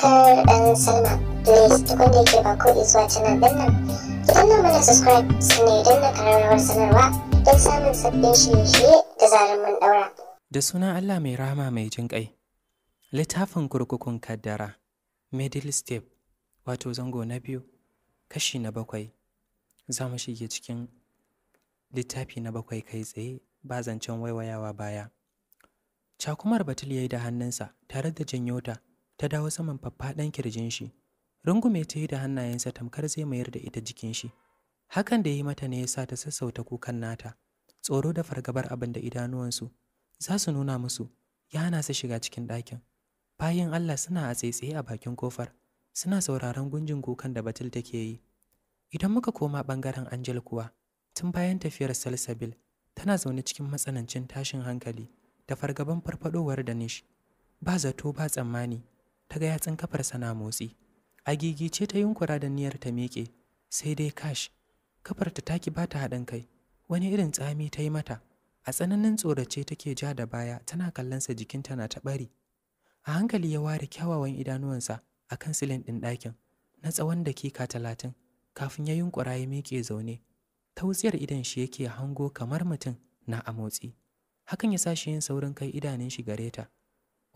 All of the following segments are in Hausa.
subscribe and sign up. Please tukun da yake ba ko zuwa canal din nan. Ki danna mana subscribe sannan idan na kararrawar sanarwa don samun sabbin shirye-shirye da zarar mun daura. Da sunan Allah mai rahama mai jin ƙai. Littafin kurkukun kaddara, middle step, wato zango na biyu, kashi na bakwai. Za mu shige cikin littafi na bakwai kai tsaye ba zancen waiwayawa baya. Cakumar Batul ya yi da hannunsa tare da janyo ta ta dawo saman faffaɗan kirjin shi. Rungume ta yi da hannayensa tamkar zai mayar da ita jikin shi. Hakan da ya yi mata ne ya sa ta sassauta kukan nata. Tsoro da fargabar abin da idanuwansu za su nuna musu ya hana su shiga cikin ɗakin. Bayan Allah suna a tsaitsaye a bakin kofar, suna sauraron gunjin kukan da batul take yi. Idan muka koma ɓangaren Angel kuwa, tun bayan tafiyar Salsabil, tana zaune cikin matsanancin tashin hankali da fargaban farfadowar da nish. Ba zato ba tsammani, ta ga yatsun kafarsa na motsi agigice ta yunkura da niyyar ta miƙe sai dai kash kafarta ta ki bata haɗin kai wani irin tsami ta yi mata a tsananin tsorace take ja da baya tana kallonsa jikinta na ta bari. a hankali ya ware kyawawan idanuwansa a kan silin ɗin ɗakin na tsawon dakika talatin kafin ya yunkura ya miƙe zaune tautsiyar idan shi yake hango kamar mutum na a motsi hakan ya sa shi yin saurin kai idanun shi gare ta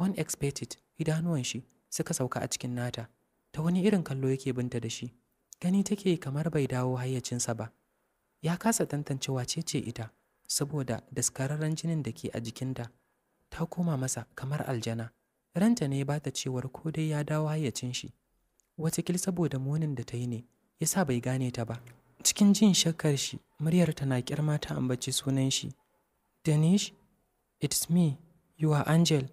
unexpected idanuwan shi suka sauka a cikin nata ta wani irin kallo yake binta da shi gani take kamar bai dawo hayyacinsa ba ya kasa tantance wace ce ita saboda daskararren jinin da ke a jikinta ta koma masa kamar aljana ranta ne ba ta cewar ko dai ya dawo hayyacin shi watakil saboda munin da ta yi ne ya sa bai gane ta ba cikin jin shakkar shi muryar ta na kirma ta ambaci sunan shi danish it's me you are angel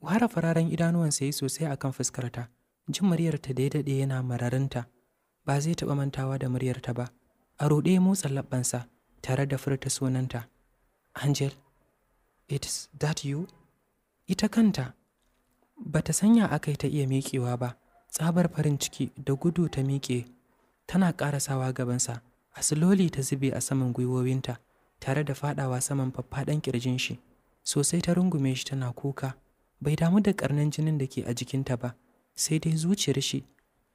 Wara fararen idanuwansa yi sosai a kan fuskarta, jin muryarta da ya daɗe yana mararinta, ba zai taɓa mantawa da muryarta ba, a ruɗe motsa laɓansa, tare da furta sunanta. Angel, it's that you? Ita kanta, Bata sanya aka ta iya miƙewa ba, tsabar farin ciki da gudu ta miƙe, tana ƙarasawa gabansa, a siloli ta zube a saman gwiwowinta, tare da faɗawa saman faffaɗan ƙirjin shi, sosai ta rungume shi tana kuka. bai damu da karnan jinin da ke a jikinta ba sai dai zuciyar shi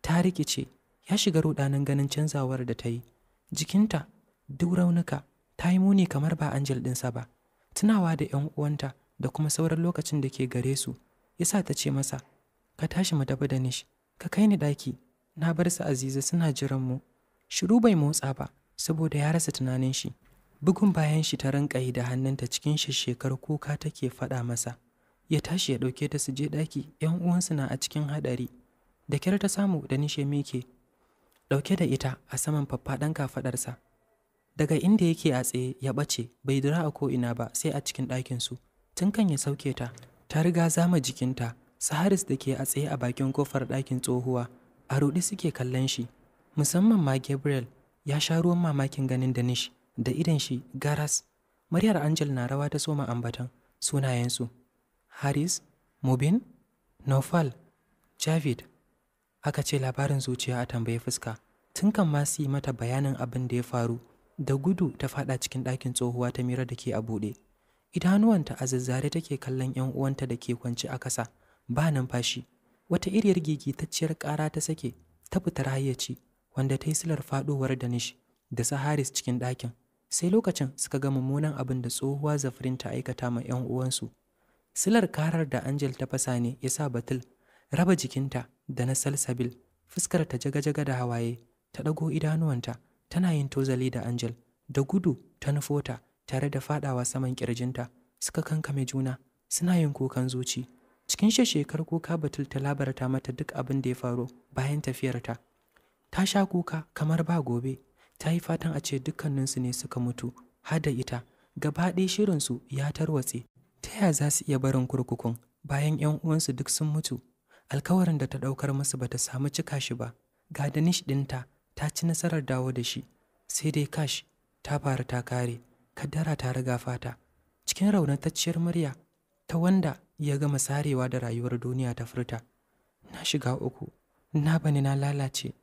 ta rikice ya shiga rudanin ganin canzawar da ta yi jikinta duk raunuka ta yi muni kamar ba angel ɗinsa ba tunawa da 'yan uwanta da kuma sauran lokacin da ke gare su ya sa ta ce masa ka tashi mu tafi da nish ka kai ni ɗaki na bar su aziza suna jiran mu shiru bai motsa ba saboda ya rasa tunanin shi bugun bayan shi ta rinƙa yi da hannunta cikin shekar kuka take faɗa masa ya tashi ya ɗauke ta su je ɗaki ‘yan uwansu na a cikin haɗari da kyar ta samu da nishe mike ɗauke da ita a saman faffaɗan kafaɗarsa daga inda yake a tsaye ya ɓace bai dira a ko'ina ba sai a cikin ɗakinsu tun kan ya sauke ta ta riga zama jikinta saharis da ke a tsaye a bakin kofar ɗakin tsohuwa a ruɗi suke kallon shi musamman ma gabriel ya sha ruwan mamakin ganin da danish da idan shi garas muryar angel na rawa ta soma ambatan sunayensu haris mubin nofal javid aka ce labarin zuciya a tambaye fuska tun kan ma yi mata bayanin abin da ya faru da gudu ta fada cikin ɗakin tsohuwa ta mira da ke a buɗe idanuwanta a zazzare take kallon yan uwanta da ke kwance a kasa ba numfashi wata iriyar gigitacciyar ƙara ta sake ta fitar hayyaci wanda ta yi silar faɗowar da nishi da sa haris cikin ɗakin sai lokacin suka ga mummunan abin da tsohuwa zafirin ta aikata ma 'yan uwansu silar karar da angel ta fasa ne ya sa batul raba jikinta da na salsabil fuskar ta jaga-jaga da hawaye ta ɗago idanuwanta tana yin tozali da angel da gudu ta nufota tare da faɗawa saman ƙirjinta suka kankame juna suna yin kukan zuci cikin shekar kuka batul ta labarta mata duk abin da ya faru bayan tafiyarta ta sha kuka kamar ba gobe ta yi fatan a ce dukkaninsu ne suka mutu har da ita gaba ɗaya shirinsu ya tarwatse ta yaya za su iya barin kurkukun bayan 'yan uwansu duk sun mutu alkawarin da ta ɗaukar musu bata samu cika shi ba ga danish ɗinta ta ci nasarar dawo da shi sai dai kash ta fara ta kare kaddara ta riga fata cikin raunatacciyar murya ta wanda ya gama sarewa da rayuwar duniya ta furta na shiga uku na bani na lalace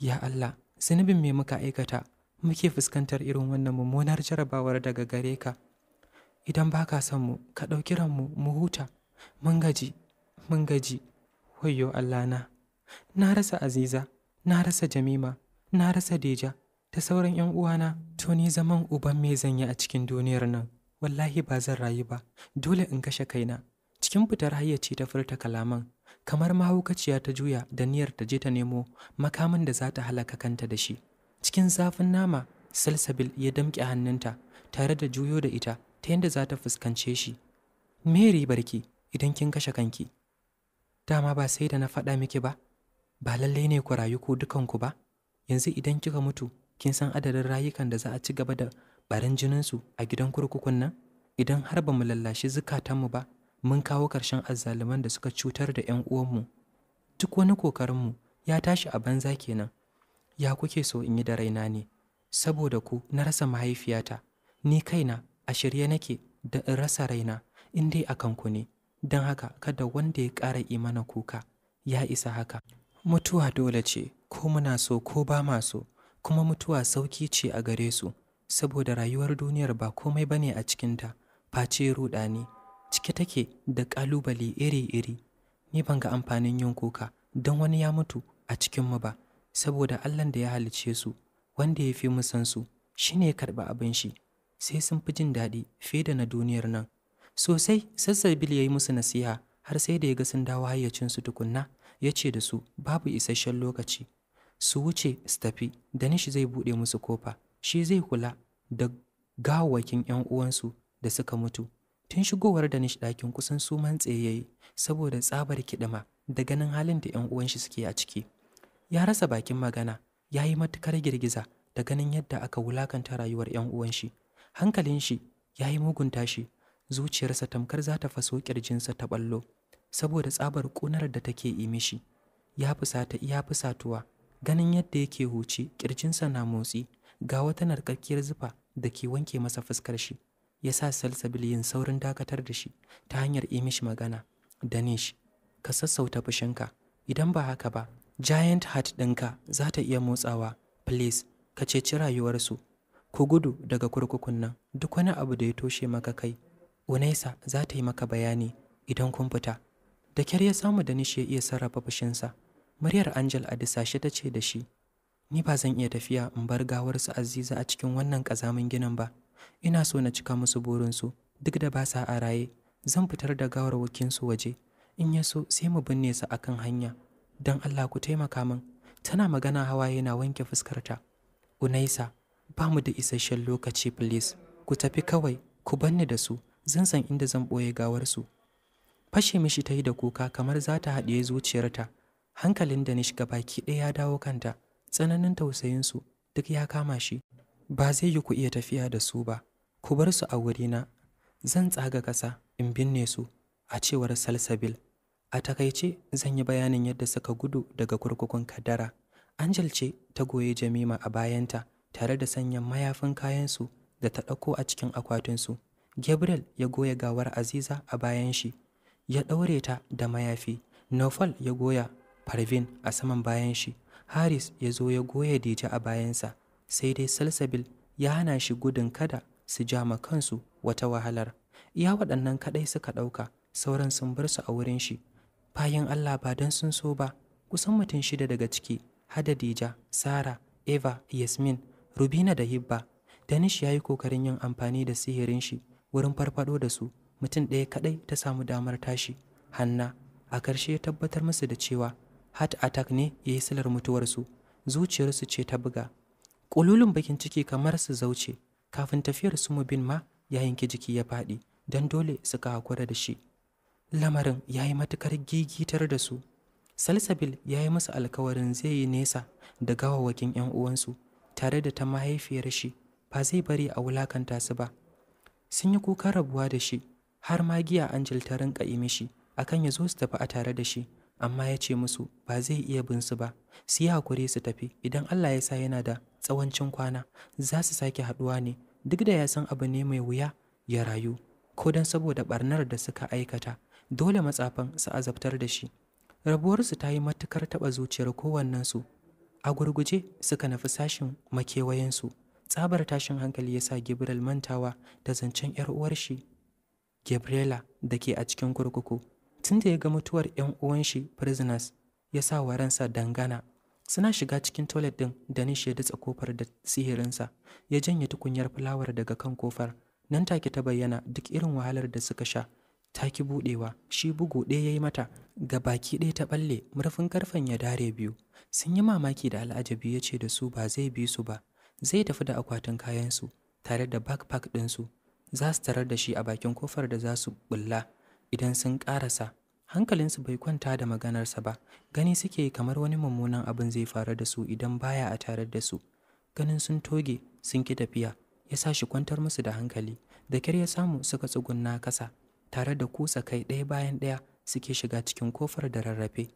ya Allah zunubin me muka aikata muke fuskantar irin wannan mummunar jarabawar daga gare ka idan ba ka son mu ka ɗauki ranmu mu huta mun gaji mun gaji wayyo allah na na rasa aziza na rasa jamima na rasa deja Ta sauran yan uwana to ni zaman uban me zan yi a cikin duniyar nan wallahi ba zan rayu ba dole in kashe kaina cikin fitar hayyaci ta furta kalaman kamar mahaukaciya ta juya da niyyar ta je ta nemo makamin da za ta halaka kanta da shi cikin zafin nama salsabil ya damƙe hannunta tare da juyo da ita ta yadda za ta fuskance shi Meri barki, idan kin kashe kanki dama ba sai da na faɗa miki ba ba lallai ne ku rayu ko dukanku ba yanzu idan kika mutu kin san adadin rayukan da za a ci gaba da barin jininsu a gidan kurkukun nan idan har ba mu lallashi zukatanmu ba mun kawo ƙarshen azzaluman da suka cutar da 'yan uwanmu duk wani ƙoƙarinmu ya tashi a banza kenan ya kuke so in yi da raina ne saboda ku na rasa mahaifiyata ni kaina a shirye nake da in rasa raina in dai a kanku ne don haka kada wanda ya ƙara imana kuka ya isa haka mutuwa dole ce ko muna so ko ba ma so kuma mutuwa sauki ce a gare su saboda rayuwar duniyar ba komai ba ne a cikinta face ne, cike take da ƙalubale iri-iri ni ban ga amfanin yin kuka don wani ya mutu a cikinmu ba saboda allah da ya halicce su wanda ya fi mu san su shine ya karɓi abin shi sai sun fi jin daɗi fiye da na duniyar nan sosai sassabil ya yi musu nasiha har sai da ya ga sun dawo hayyacinsu tukunna ya ce da su babu isasshen lokaci su wuce su tafi danish zai buɗe musu kofa shi zai kula da gawakin 'yan uwansu da suka mutu tun shigowar danish ɗakin kusan su mantsaye ya saboda tsabar kiɗima da ganin halin da 'yan uwanshi suke a ciki ya rasa bakin magana ya yi matukar girgiza da ganin yadda aka wulakanta rayuwar 'yan uwanshi hankalin shi ya yi mugun tashi zuciyarsa tamkar za ta faso ƙirjinsa ta ɓallo saboda tsabar ƙunar da take yi mishi ya fusata iya fusatuwa ganin yadda yake huci ƙirjinsa na motsi ga wata narkakkiyar zufa da ke wanke masa fuskar shi ya sa salsabil yin saurin dakatar da shi ta hanyar yi mishi magana danish ka sassauta fushinka idan ba haka ba giant heart ɗinka za ta iya motsawa please ka ceci rayuwarsu ku gudu daga kurkukun nan duk wani abu da ya toshe maka kai unaisa za ta yi maka bayani idan kun fita da kyar ya samu da nishi ya iya sarrafa fushinsa muryar angel a disashe ta ce da shi ni ba zan iya tafiya in bar gawar su aziza a cikin wannan ƙazamin ginin ba ina so na cika musu burinsu duk da ba sa a raye zan fitar da gawar wakinsu waje in ya so sai mu binne su akan hanya don allah ku taimaka min tana magana hawaye na wanke fuskarta unaisa ba mu da isasshen lokaci please ku tafi kawai ku banni da su zan san inda zan ɓoye gawarsu fashe mishi ta yi da kuka kamar za ta haɗiye zuciyarta hankalin da shiga baki ɗaya ya dawo kanta tsananin tausayinsu duk ya kama shi ba zai yi ku iya tafiya da su ba ku bar su a wurina zan tsaga ƙasa in binne su a cewar salsabil a takaice zan yi bayanin yadda suka gudu daga kurkukun kadara angel ce ta goye jamima a bayanta tare da sanya mayafin kayansu da ta ɗauko a cikin akwatinsu. Gabriel ya goya gawar Aziza a bayan shi, ya ɗaure ta da mayafi. Nofal ya goya Parvin a saman bayan shi. Haris ya zo ya goya Dija a bayansa, sai dai Salsabil ya hana shi gudun kada su jama kansu wata wahalar. Iya waɗannan kaɗai suka ɗauka, sauran sun bar su a wurin shi. Bayan Allah ba don sun so ba, kusan mutum shida daga ciki, hada Dija, Sara, Eva, Yasmin Rubina da Hibba, Danish ya yi kokarin yin amfani da sihirin shi wurin farfado da su. Mutum ɗaya kaɗai ta samu damar tashi, Hanna, a ƙarshe ya tabbatar musu da cewa heart attack ne ya yi silar mutuwarsu. Zuciyarsu ce ta buga. Ƙululun bakin ciki kamar su zauce, kafin tafiyar su bin ma ya yanke jiki ya faɗi, don dole suka haƙura da shi. Lamarin ya yi matuƙar gigitar da su. Salsabil ya yi musu alkawarin zai yi nesa da gawawakin 'yan uwansu. tare da ta mahaifiyar shi ba zai bari a wulakanta su ba sun yi kukan rabuwa da shi har ma giya Angel ta rinka yi mishi akan ya zo su tafi a tare da shi amma ya ce musu ba zai iya bin su ba su yi hakuri su tafi idan Allah ya sa yana da tsawancin kwana za su sake haɗuwa ne duk da ya san abu ne mai wuya ya rayu ko don saboda ɓarnar da suka aikata dole matsafan su azabtar da shi rabuwarsu ta yi matukar taɓa zuciyar kowannensu a gurguje suka nufi sashin makewayensu tsabar tashin hankali ya sa gabriel mantawa da zancen 'yar uwar shi gabriela da ke a cikin kurkuku tun da ya ga mutuwar 'yan uwan shi prisoners ya sa waransa dangana suna shiga cikin toilet din da nishi ya datsa kofar da sihirinsa ya janye tukunyar fulawar daga kan kofar nan take ta bayyana duk irin wahalar da suka sha ta ki buɗewa shi bugu ɗaya ya yi mata ga baki ɗaya ta ɓalle murfin karfen ya dare biyu sun yi mamaki da al'ajabi ya ce da su ba zai bi su ba zai tafi da akwatin kayansu tare da backpack ɗinsu za su tarar da shi a bakin kofar da za su bulla idan sun ƙarasa hankalinsu bai kwanta da maganarsa ba gani suke kamar wani mummunan abin zai faru da su idan baya a tare da su ganin sun toge sun ki tafiya ya sa shi kwantar musu da hankali da kyar ya samu suka tsugunna kasa tare da kusa kai ɗaya bayan ɗaya suke shiga cikin kofar da rarrafe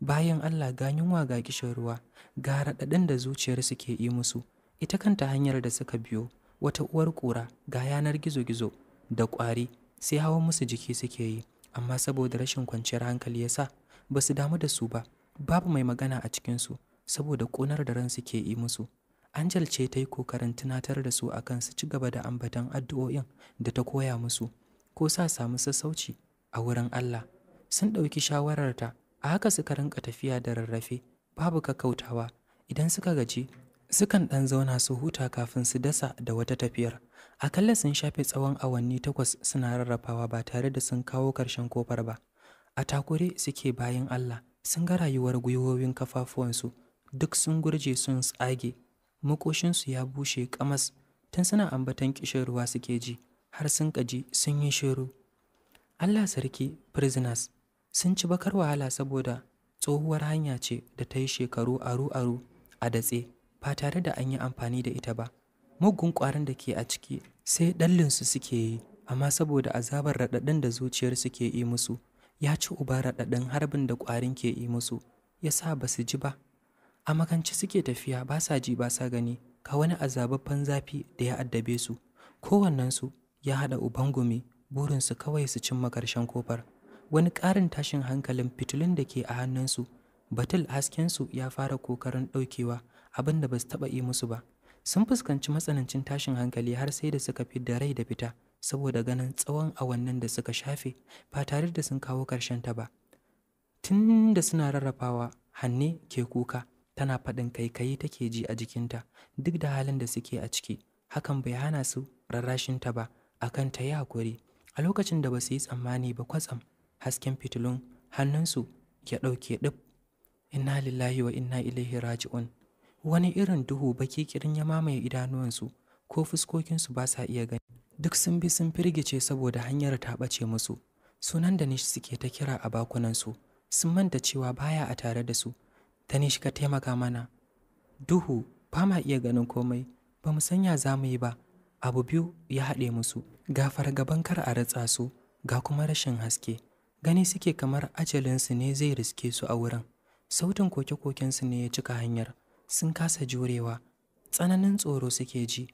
bayan Allah ga yunwa ga kishin ruwa ga raɗaɗin da zuciyar suke yi musu ita kanta hanyar da suka biyo wata uwar ƙura ga yanar gizo-gizo da ƙwari sai hawa musu jiki suke yi amma saboda rashin kwanciyar hankali ya sa ba su damu da su ba babu mai magana a cikinsu saboda ƙunar da ran suke yi musu Angel ce ta yi kokarin tunatar da su akan su ci gaba da ambatan addu'o'in da ta koya musu ko sa samu sassauci a wurin Allah sun ɗauki shawararta a haka suka rinka tafiya da rarrafe babu kakautawa idan suka gaji sukan ɗan zauna su huta kafin su dasa da wata tafiyar akalla sun shafe tsawon awanni takwas suna rarrafawa ba tare da sun kawo ƙarshen kofar ba a takure suke bayan Allah sun ga rayuwar gwiwowin kafafuwansu duk sun gurje sun tsage makoshinsu ya bushe kamas tun suna ambatan ƙishin ruwa suke ji har sun ƙaji sun yi shiru. Allah sarki prisoners sun ci bakar wahala saboda tsohuwar hanya ce da ta yi shekaru aru-aru a datse ba tare da an yi amfani da ita ba. Mugun ƙwarin da ke a ciki sai ɗallinsu suke yi, amma saboda azabar raɗaɗin da zuciyar suke yi musu, ya ci uba raɗaɗin harbin da ƙwarin ke yi musu, ya sa ba su ji ba. A makanci suke tafiya ba sa ji ba sa gani, ka wani azabaffan zafi da ya addabe su kowannensu ya haɗa ubangumi burin burinsu kawai su cimma ƙarshen kofar wani ƙarin tashin hankalin fitilun da ke a hannunsu batul haskensu ya fara kokarin ɗaukewa abinda da ba su taɓa yi musu ba sun fuskanci matsanancin tashin hankali har sai da suka fi da rai da fita saboda ganin tsawon awannin da suka shafe ba tare da sun kawo ƙarshen ta ba tun da suna rarrafawa hanne ke kuka tana faɗin kaikayi take ji a jikinta duk da halin da suke a ciki hakan bai hana su rarrashin ta ba akan ta yi hakuri, a lokacin da ba su yi tsammani ba kwatsam hasken fitilun hannunsu ya ɗauke ɗib inna lillahi wa inna ilaihi raji'un wani irin duhu baki kirin ya mamaye idanuwansu ko fuskokinsu ba sa iya gani duk sun bi sun firgice saboda hanyar ta ɓace musu sunan da nish suke ta kira a bakunansu sun manta cewa baya a tare da su nish ka taimaka mana duhu ba ma iya ganin komai ba mu sanya za mu yi ba abu biyu ya haɗe musu ga fargaban kar a ratsa su ga kuma rashin haske gani suke kamar ajalinsu ne zai riske su a wurin sautin koke-kokensu ne ya cika hanyar sun kasa jurewa tsananin tsoro suke ji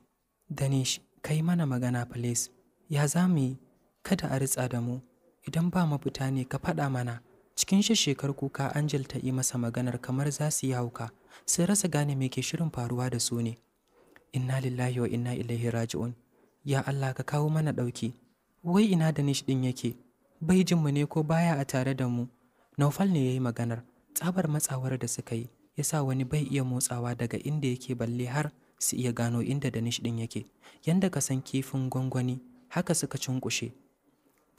danish kai mana magana fales. ya za mu yi kada a ritsa da mu idan ba mafita ne ka faɗa mana cikin shekar kuka angel ta yi masa maganar kamar za su yi hauka sai rasa gane me ke shirin faruwa da su ne inna lillahi wa inna ilaihi raji'un ya Allah ka kawo mana ɗauki wai ina da nish ɗin yake bai jin mu ne ko baya a tare da mu Naufal ne yayi maganar tsabar matsawar da suka yi yasa wani bai iya motsawa daga inda yake balle har su iya gano inda da nish ɗin yake yanda ka san kifin gwangwani haka suka cunkushe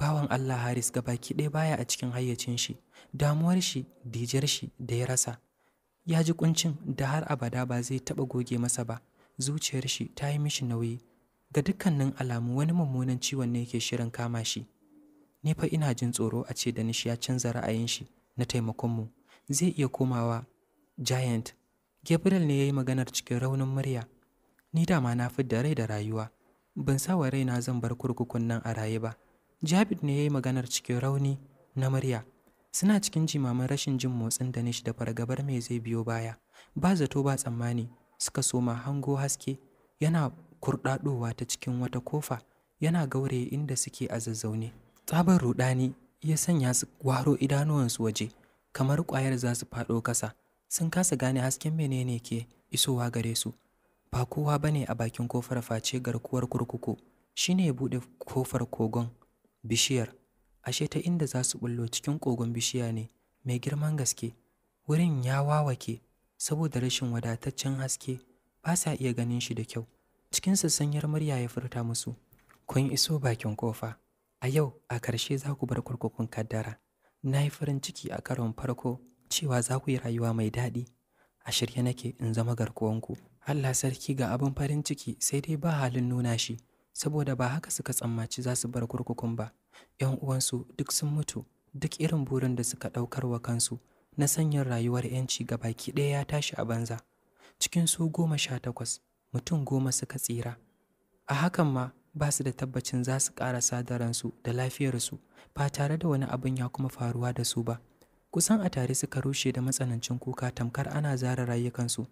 bawan Allah Haris baki ɗaya baya a cikin hayyacin shi damuwar shi dijar shi da ya rasa ya ji kuncin da har abada ba zai taɓa goge masa ba zuciyar shi ta yi mishi nauyi ga dukkanin alamu wani mummunan ciwon ne yake shirin kama shi ni fa ina jin tsoro a ce Danish ya canza ra'ayin shi na taimakon mu zai iya komawa giant Gabriel ne ya yi maganar cikin raunin murya ni dama na fidda rai da rayuwa ban sa wa raina zan bar kurkukun nan a raye ba Jabit ne ya yi maganar cikin rauni na murya suna cikin jimamin rashin jin motsin Danish da fargabar mai zai biyo baya ba zato ba tsammani suka soma hango haske yana kurɗaɗowa ta cikin wata kofa yana gauraye inda suke a zazzaune tsabar rudani ya sanya su waro idanuwansu waje kamar ƙwayar za su faɗo kasa sun kasa gane hasken menene ke isowa gare su ba kowa ba ne a bakin kofar face garkuwar kurkuku shi ne buɗe kofar kogon bishiyar ashe ta inda za su ɓullo cikin kogon bishiya ne mai girman gaske wurin ya wawake saboda rashin wadataccen haske ba sa iya ganin shi da kyau cikin sanyar murya ya furta musu kun iso bakin kofa a yau a karshe za ku bar kurkukun kaddara na yi farin ciki a karon farko cewa za ku yi rayuwa mai daɗi a shirye nake in zama garkuwanku allah sarki ga abin farin ciki sai dai ba halin nuna shi saboda ba haka suka tsammaci za su bar kurkukun ba ‘yan uwansu duk sun mutu duk irin burin da suka ɗaukar wa kansu na sanyin rayuwar 'yanci ga baki ɗaya ya tashi a banza cikin su goma sha takwas mutum goma suka tsira a hakan ma ba su da tabbacin za su ƙara sadaransu da lafiyarsu ba tare da wani abin ya kuma faruwa da su ba kusan a tare suka rushe da matsanancin kuka tamkar ana zara rayukansu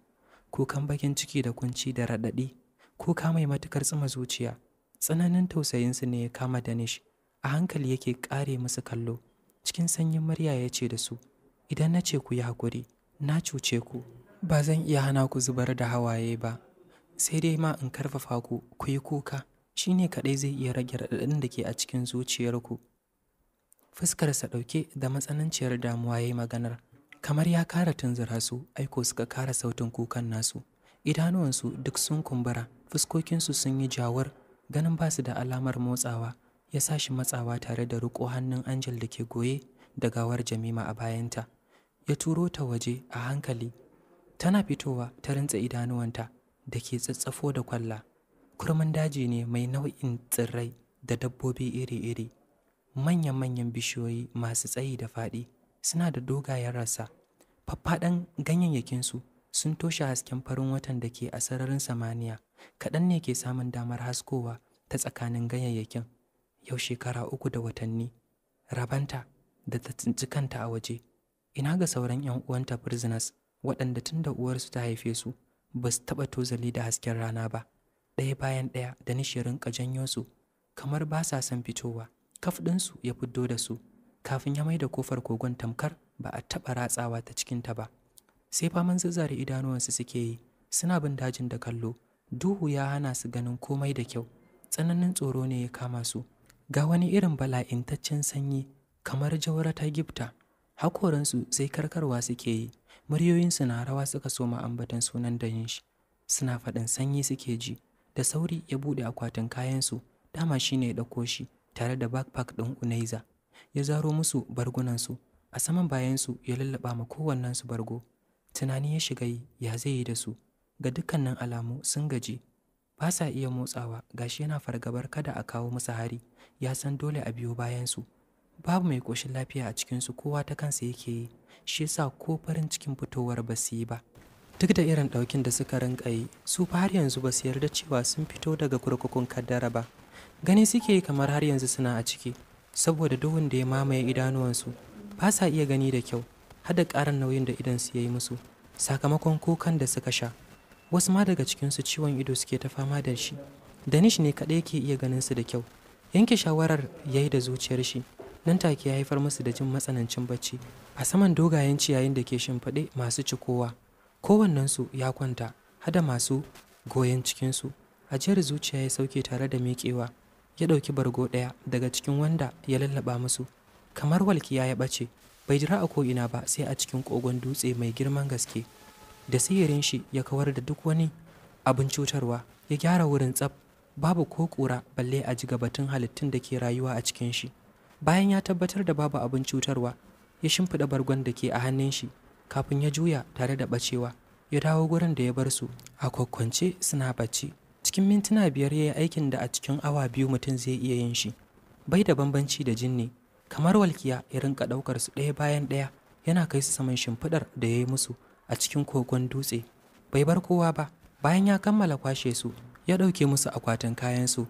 kukan bakin ciki da kunci da raɗaɗi kuka mai matukar tsima zuciya tsananin tausayinsu ne ya kama danish a hankali yake ƙare musu kallo cikin sanyin murya ya ce da su idan na ce ku yi haƙuri na cuce ku ba zan iya hana ku zubar da hawaye ba sai dai ma in karfafa ku ku yi kuka shi ne kaɗai zai iya rage raɗaɗin da ke a cikin zuciyarku fuskarsa ɗauke da matsananciyar damuwa ya yi maganar kamar ya kara tunzura su aiko suka kara sautin kukan nasu idanuwansu duk sun kumbura fuskokinsu sun yi jawar ganin ba su da alamar motsawa ya sashi matsawa tare da riƙo hannun angel da ke goye da gawar jamima a bayanta ya turo ta waje a hankali tana fitowa ta rantsa idanuwanta da ke tsatsafo da kwalla kurmin daji ne mai nau'in tsirrai da dabbobi iri-iri manyan-manyan bishiyoyi masu tsayi da faɗi suna da dogayen rasa. faffaɗan ganyayyakinsu sun toshe hasken farin watan da ke a sararin samaniya kaɗan ne ke samun damar haskowa ta tsakanin ganyayyakin yau shekara uku da watanni rabanta da ta cikanta a waje ina ga sauran 'yan uwanta prisoners waɗanda tun da uwarsu ta haife su ba su taɓa tozali da hasken rana ba ɗaya bayan ɗaya da nishirin ka janyo su kamar ba sa son fitowa kaf ɗinsu ya fiddo da su kafin ya mai da kofar kogon tamkar ba a taɓa ratsawa ta cikin ta ba sai faman zazzare idanuwansu suke yi suna bin dajin da kallo duhu ya hana su ganin komai da kyau tsananin tsoro ne ya kama su ga wani irin bala'intaccen sanyi kamar jawara ta gifta hakoransu sai karkarwa suke yi muryoyinsu na rawa suka soma ambatan sunan yin shi suna faɗin sanyi suke ji da sauri ya buɗe akwatin kayansu dama shi ne ya ɗauko shi tare da backpack ɗin unaiza ya zaro musu bargunansu a saman bayansu ya lallaɓa ma su bargo tunani ya shiga yi ya zai yi da su ga dukkanin alamu sun gaji ba sa iya motsawa gashi yana fargabar kada a kawo musu hari ya san dole a biyo bayansu babu mai ƙoshin lafiya a cikinsu kowa ta kansa yake yi shi yasa ko farin cikin fitowar ba su yi ba duk da irin ɗaukin da suka rinka yi su fa har yanzu ba su yarda cewa sun fito daga kurkukun kaddara ba gani suke yi kamar har yanzu suna a ciki saboda duhun da ya mamaye idanuwansu ba sa iya gani da kyau hada ƙarin nauyin da idansu ya yi musu sakamakon kukan da suka sha wasu ma daga cikinsu ciwon ido suke ta fama da shi danish ne kaɗai ke iya ganin su da kyau yanke shawarar ya yi da zuciyar shi nan take ya haifar musu da jin matsanancin bacci a saman dogayen ciyayin da ke shimfiɗe masu cikowa kowannensu ya kwanta hada masu goyon cikinsu ajiyar zuciya ya sauke tare da miƙewa ya ɗauki bargo ɗaya daga cikin wanda ya lallaɓa musu kamar walkiya ya ɓace bai jira a ko'ina ba sai a cikin kogon dutse mai girman gaske da sihirin shi ya kawar da duk wani abin cutarwa ya gyara wurin tsaf babu ko ƙura balle a ji gabatun halittun da ke rayuwa a cikin shi bayan ya tabbatar da babu abin cutarwa ya shimfiɗa bargon da ke a hannun shi kafin ya juya tare da bacewa ya dawo gurin da ya bar su a kwakwance suna bacci cikin mintuna biyar ya yi aikin da a cikin awa biyu mutum zai iya yin shi bai da bambanci da jinni kamar walkiya ya rinka ɗaukar su ɗaya bayan ɗaya yana kai su saman shimfiɗar da ya yi musu a cikin kogon dutse bai bar kowa ba bayan ya kammala kwashe su ya ɗauke musu akwatin kayansu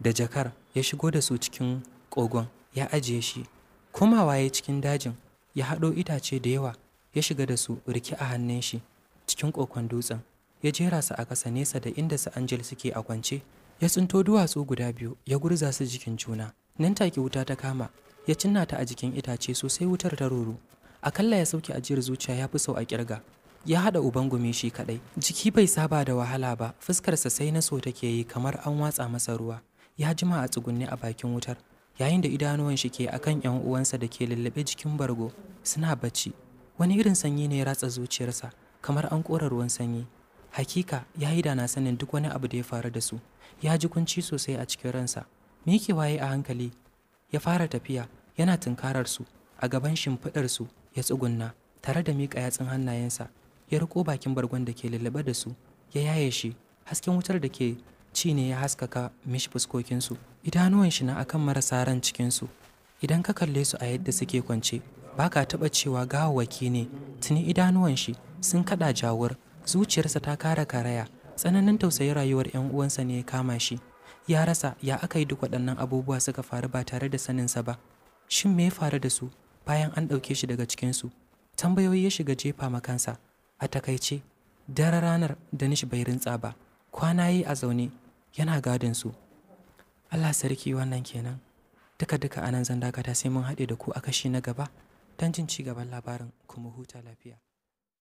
da jakar ya shigo da su cikin kogon ya ajiye shi komawa ya cikin dajin ya haɗo itace da yawa ya shiga da su rike a hannun shi cikin kokon dutsen ya jera su a ƙasa nesa da inda su angel suke a kwance ya tsinto duwatsu guda biyu ya gurza su jikin juna nan take wuta ta kama ya cinna ta a jikin itace sosai wutar ta ruru akalla ya sauke ajiyar zuciya ya fi sau a kirga ya haɗa uban gumi shi kaɗai jiki bai saba da wahala ba fuskarsa sai na so take yi kamar an watsa masa ruwa ya jima a tsugunne a bakin wutar yayin da idanuwan shi ke akan yan uwansa da ke lullube jikin bargo suna bacci wani irin sanyi ne ya ratsa zuciyarsa kamar an kora ruwan sanyi hakika ya yi dana sanin duk wani abu da ya faru da su ya ji kunci sosai a cikin ransa miki waye a hankali ya fara tafiya yana tunkarar su a gaban shimfiɗar su ya tsugunna tare da miƙa yatsun hannayensa ya riko bakin bargon da ke lullube da su ya yaye shi hasken wutar da ke ci ne ya haskaka mishi fuskokinsu idanuwan shi na akan marasa ran cikinsu idan ka kalle su a yadda suke kwance ba ka taɓa cewa gawawwaki ne tuni idanuwan shi sun kaɗa jawur zuciyarsa ta kara karaya tsananin tausayin rayuwar 'yan uwansa ne ya kama shi ya rasa ya aka yi duk waɗannan abubuwa suka faru ba tare da saninsa ba shin me ya faru da su bayan an ɗauke shi daga cikinsu tambayoyi ya shiga jefa makansa a takaice daren ranar da nishi bai rintsa ba kwana yi a zaune yana gadin su Allah sarki wannan kenan duka duka anan zan dakata sai mun haɗe da ku a kashi na gaba don jin ci gaban labarin kuma huta lafiya